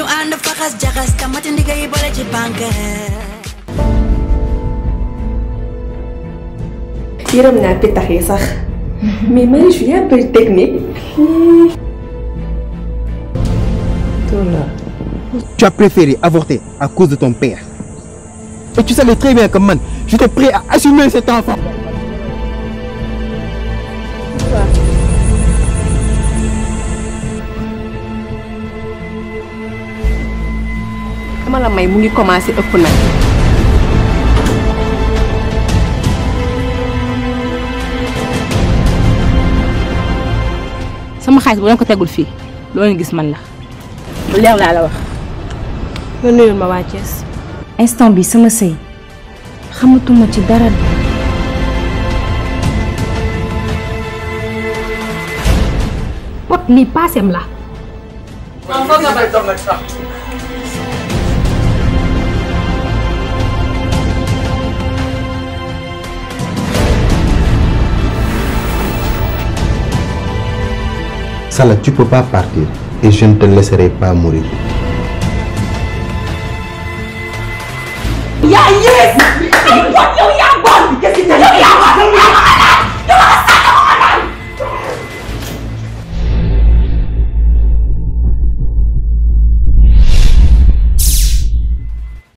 ñu ànd faxas jaxas tamati ndiga yi boole ci banque yërëm naa pitax yi sax mais Marie je suis un peu technique tu as préféré avorter à cause de ton père et tu savais très bien que man j'étais prêt à assumer cet enfant ma la may mu ngi commencé ëpp nag sama xaalis bu ko tegul fii loo leen gis man la leer laa la wax nga ma waa Thiès instant bi sama sëy xamatuma ci dara pot lii paaseem la waaw foog nga tu peux pas partir et je ne te laisserai pas mourir.